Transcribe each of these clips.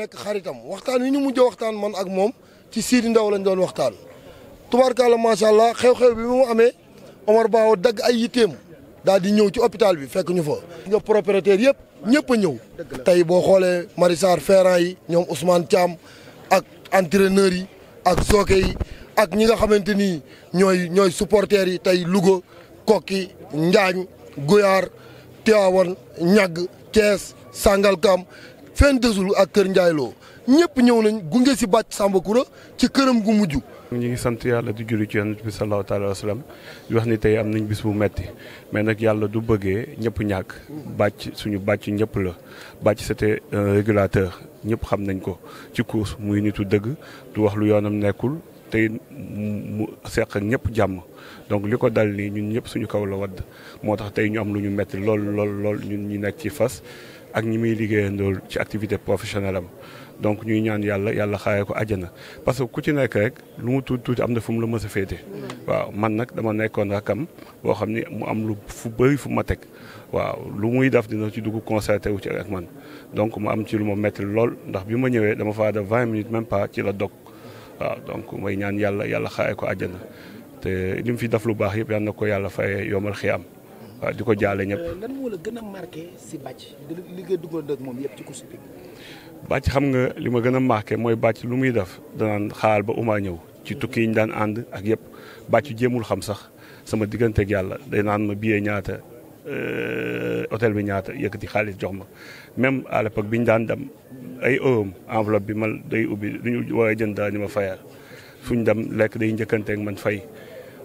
nekk xaritam waxtaan wi ñu mujj waxtaan man ak moom ci Sidi Ndaw lañ doon waxtaan. tubaarkàlla macha allah xew-xew bi mu amee Omar Ba dagg ay yitteem daal di ñëw ci hôpital bi fekk ñu fa. nga propriétaire yëpp ñëpp a ñëw. tey boo xoolee Marissar Ferran yi ñoom Ousmane Thiam ak entraîneurs yi ak sooke yi ak ñi nga xamante ni ñooy ñooy supporters yi tey Louga Kokki Njaañ Guyaar Tivaouane Ñagg Thiès Sangalkam fenn desul ak kër njaayloo Lo ñëpp ñëw nañ gunge si bàcc Samba Koura ci këram gu mujj. ñu ngi sant yàlla di julli ci yonent bi sallallahu alayhi wa sallam di wax ni tey am nañ bis mu metti mais nag yàlla du bëggee ñëpp ñàkk bàcc suñu bàcc ñëpp la bàcc c'était un régulateur ñëpp xam nañ ko ci course muy nitu dëgg du wax lu yoonam nekkul tey mu seq ak ñëpp jàmm donc li ko dal nii ñun ñëpp suñu kaw la wadd moo tax tey ñu am lu ñu metti lool lool lool ñun ñu nekk ci fas ak ñi muy liggéeyandool ci activité professionnelle am donc ñuy ñaan yàlla yàlla xaaree ko àjjana parce que ku ci nekk rek lu mu tuuti tuuti am na fu mu la mës a féete waaw man nag dama nekkoon rakam boo xam ni mu am lu fu bëri fu ma teg waaw lu muy def dina ci dugg concerté wu ci ak man donc mu am ci lu ma metti lool ndax bi ma ñëwee dama faa def vingt minutes même pas ci la dog waaw donc may ñaan yàlla yàlla xaaree ko àjjana te li mu fi def lu baax yëpp yal na ko yàlla fay yomal xiyam waaw di ko jaale ñëpp. Euh, lan xam nga li ma gën a marqué mooy bàcc lu muy def danaan xaar ba Ouma ñëw ci tukki yi ñu daan ànd ak yëpp bàcc jéemul xam sax sama digganteeg yàlla day naan ma billet ñaata euh, hôtel bi ñaata yëkkati xaalis jox ma même à l'époque bi ñu daan dem ay euros enveloppe bi man day ubbi lu ñu war a jënd daal ñu ma fayal fu ñu dem lekk day njëkkanteek man fay.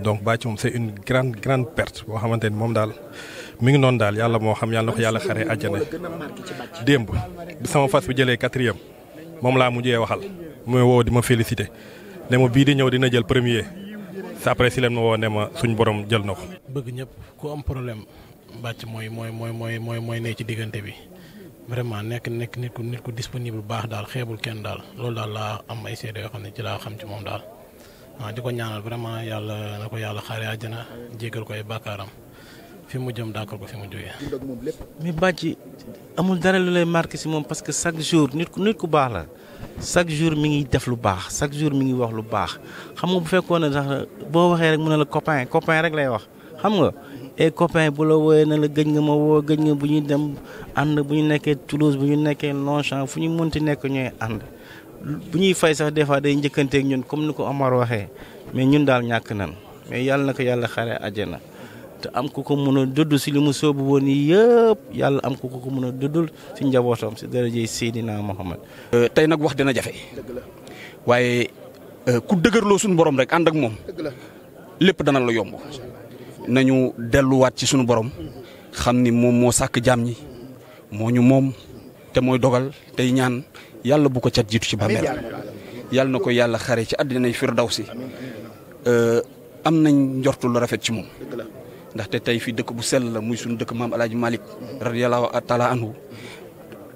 donc bàcc c'est une grande grande perte bo xamantene mom dal mi ngi non dal yalla mo xam yalla ko yalla xaree àjjana démb bi sama fas bi 4e mom la mujjé waxal moy wo di ma féliciter ne ma bii di ñëw dina jël premier sa après si leen ma woo ma suñ borom jël nako bëgg ñëpp ku am problème bàcc moy moy moy moy moy mooy ne ci digënté bi vraiment nek nek nit ku nit ku disponible baax dal xébul kenn dal lool dal la am ay seede yo xam ci la xam ci mom dal waaw di ko ñaanal vraiment yàlla na ko yàlla xaaree na jéggal ko ay bàkkaaram fi mu jëm d'accord ko fi mu jógee. mais bàcc amul dara lu lay marqué si moom parce que chaque jour nit ku nit ku baax la chaque jour mi ngi def lu baax chaque jour mi ngi wax lu baax xam nga bu fekkoon ne sax boo waxee rek mu ne la copain copain rek lay wax xam nga. et copain bu la wooyee na la gëj nga ma woo gëj nga bu ñuy dem ànd bu ñu nekkee Toulouse bu ñu nekkee Longchamp fu ñu mënti nekk ñooy ànd. bu ñuy fay sax defa day njëkkante ak ñun comme ni ko Omar waxee mais ñun daal ñàkk nan mais yàlla na ko yàlla xare ajjana te am eh, eh, ku ko mën a dudd si li mu soobu woon yëpp yàlla am ku ko ko mën a duddul si njabootam si dara jëy Seydina Mohamed. tey nag wax dina jafe. waaye ku dëgërloo suñu borom rek ànd ak moom. lépp dana la yomb nañu delluwaat ci sunu borom xam ni moom moo sàkk jaam ñi moo ñu moom te mooy dogal tey ñaan yàlla bu ko ca jiitu ci bàmmeel yàlla na ko yàlla xare ci àddina firdawsi am nañ njortu lu rafet ci moom ndaxte tey fii dëkk bu sell la muy suñu dëkk maam El Hadj Malick radiyallahu taala anhu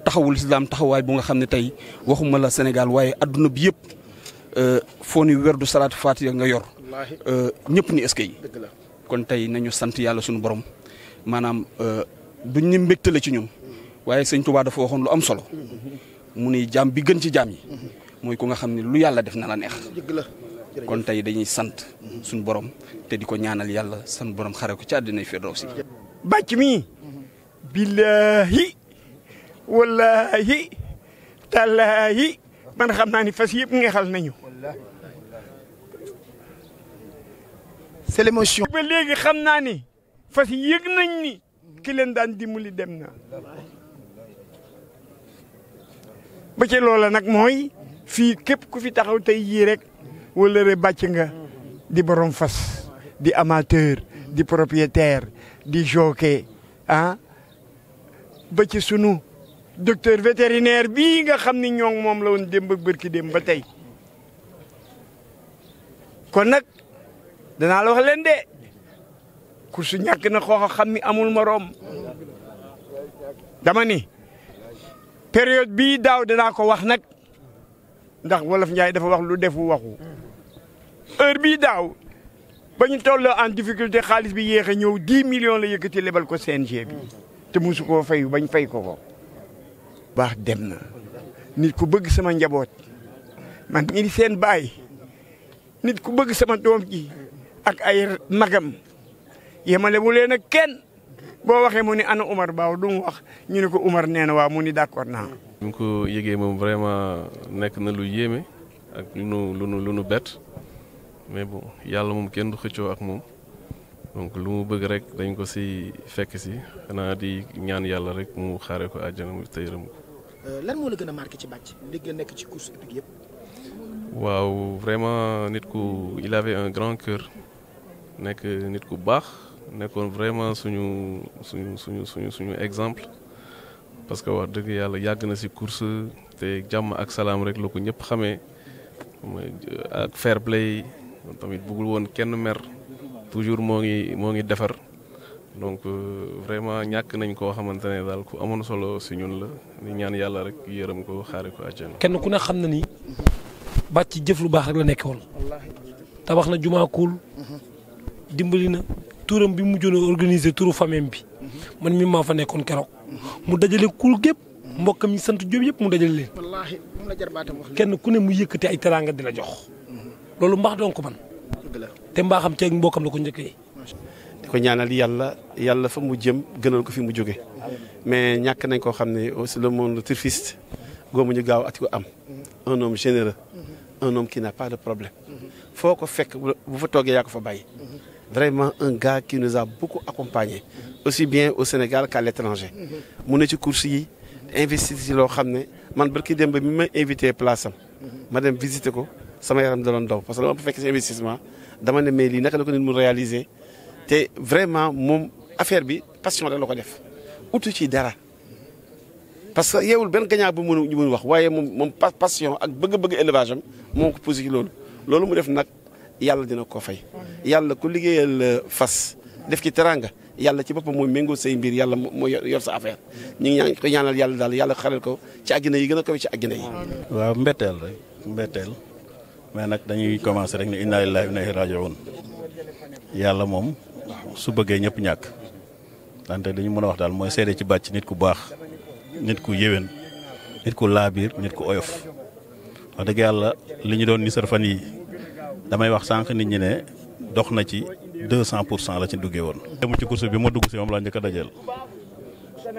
taxawul islam taxawaay bu nga xam ne tey waxuma la Sénégal waaye adduna bi yëpp foo ni werdu salaatu faatiha nga yor ñëpp ni est-ce kon tey nañu sant yàlla suñu borom maanaam duñ ñu mbégte la ci ñun mm-hmm. waaye sëñ Tuubaa dafa waxoon lu am solo mm-hmm. mu ni jam bi gën ci jam yi moy mhm. ko nga xamni lu yalla def na la neex kon tay dañuy sante mhm. sun borom te diko ñaanal yalla sun borom xare ko ci adina fi rawsi bacc mi mhm. billahi wallahi tallahi man xamna ni fas yeb ngexal nañu c'est l'émotion ba legi xamna ni fas yeg nañ ni ki len daan dimuli dem na ba loola nag mooy fii képp ku fi taxaw tey jii rek wala re bàcc nga di borom fas di amateur di propriétaire di jockey ah ba ci sunu docteur vétérinaire bii nga xam ni ñoo moom la woon démb ak bërki démb ba tey kon nag danaa la wax leen de kursu ñàkk na koo xam ni amul moroom dama ni période bii daaw danaa ko wax nag ndax wolof Njaay dafa wax lu defu waxu heure bii daaw ba ñu tolloo en difficulté xaalis bi yéex a ñëw 10 million la yëkkati lebal ko CNG bi te mosu koo fay bañ fay ko ko baax dem na nit ku bëgg sama njaboot man ñu di seen baay nit ku bëgg sama doom ji ak ay magam yemale bu leen ak kenn boo waxee mu ni ana Umar Baaw du mu wax ñu ne ko Umar nee na waaw mu ni d'accord naa ko. bi ko yëgee moom vraiment nekk na lu yéeme ak lu nu lu nu bett mais bon yàlla moom kenn du xëccoo ak moom donc lu mu bëgg rek dañ ko si fekk si xanaa di ñaan yàlla rek mu xaaree ko àjjana mu tey rëm ko. Euh, lan moo la gën a marqué ci bàcc li nga nekk ci course hippique yëpp. waaw vraiment nit ku il avait un grand cœur nekk nit ku baax. nekkoon vraiment suñu suñu suñu suñu suñu exemple parce que wax dëgg yàlla yàgg na ci course te jàmm ak salaam rek loo ko ñëpp xame euh, ak fair play tamit bëggul woon kenn mer toujours moo ngi moo ngi defar donc euh, vraiment ñàkk nañ koo xamante ne daal ku amoon solo si ñun la ni ñaan yàlla rek yërëm ko xaari ko àjjana. kenn ku ne xam na ni bàcc jëf lu baax rek la nekkoon tabax na jumaa kuul mhm. dimbali na. turam bi mu mujjoon a organiser turu famille bi man mi maa fa nekkoon keroog mu dajale kul gépp mbokkam yi sant Diop yëpp mu dajale leen. wallaahi moom la kenn ku ne mu yëkkati ay teraanga di la jox. loolu mbaax doon ko man te mbaaxam ceeg mbokkam la ko njëkkee. di ko ñaanal yàlla yàlla fa mu jëm gënal ko fi mu jóge mais ñàkk nañ koo xam ne aussi le monde turfiste goomu ñu gaaw ati ko am. un homme généreux. un homme qui foo ko fekk bu fa toogee yaa ko fa bàyyi. vraiment un gars qui nous a beaucoup accompagnés aussi bien au Sénégal qu'à l'étranger Mon ne ci course yi investir ci loo man barki démb bi ma invité place am ma dem visiter ko sama yaram da doon daw parce que dama fekk ci investissement dama ne mais li naka la ko nit mu réaliser té vraiment mom affaire bi passion rek la ko def outu ci dara parce que yewul ben gagnant bu mënu ñu wax waye mom passion ak bëgg-bëgg élevage am moo ko ci lolu lolu mu def nak yalla dina ko fay yalla ku liggéeyal euh, fas def ci teranga yalla ci boppam moy mengo say mbir yalla mo yor sa affaire ñi ko ñaanal yalla dal yalla xalel ko ci agina yi gëna ko ci agina yi waaw mbettel rek mbettel mais nak dañuy commencer rek ni inna lillahi wa inna ilayhi raji'un yalla mom su bëgge ñëpp ñak dante dañu mëna wax dal moy sédé ci bacc nit ku baax nit ku yewen nit ku labir nit ku oyof wa deug yalla li ñu doon ni sa fan yi damay wax sànq nit ñi ne dox na ci deux cent pour cent la ci duggee woon. dem ci course bi ma dugg si moom laa njëkk a dajal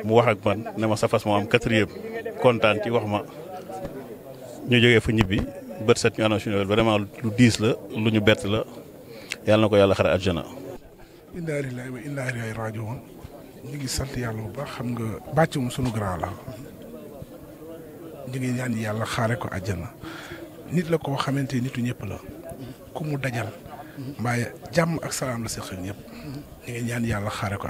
mu wax ak man ne ma sa fas moo am quatrième kontaan ci wax ma ñu jógee fa ñibbi bët set ñu annoncé ñu vraiment lu diis la lu ñu bett la yàlla na ko yàlla xare àjjana. inna lillahi wa inna ilayhi ngi sant yàlla bu baax xam nga bàcc moom sunu la ñu ngi ñaan yàlla xaare ko àjjana nit la koo xamante nitu ñëpp la. ku mu dajal. mbaaye jàmm ak salaam la si xëy ñëpp. ñu ngi ñaan yàlla xare ko.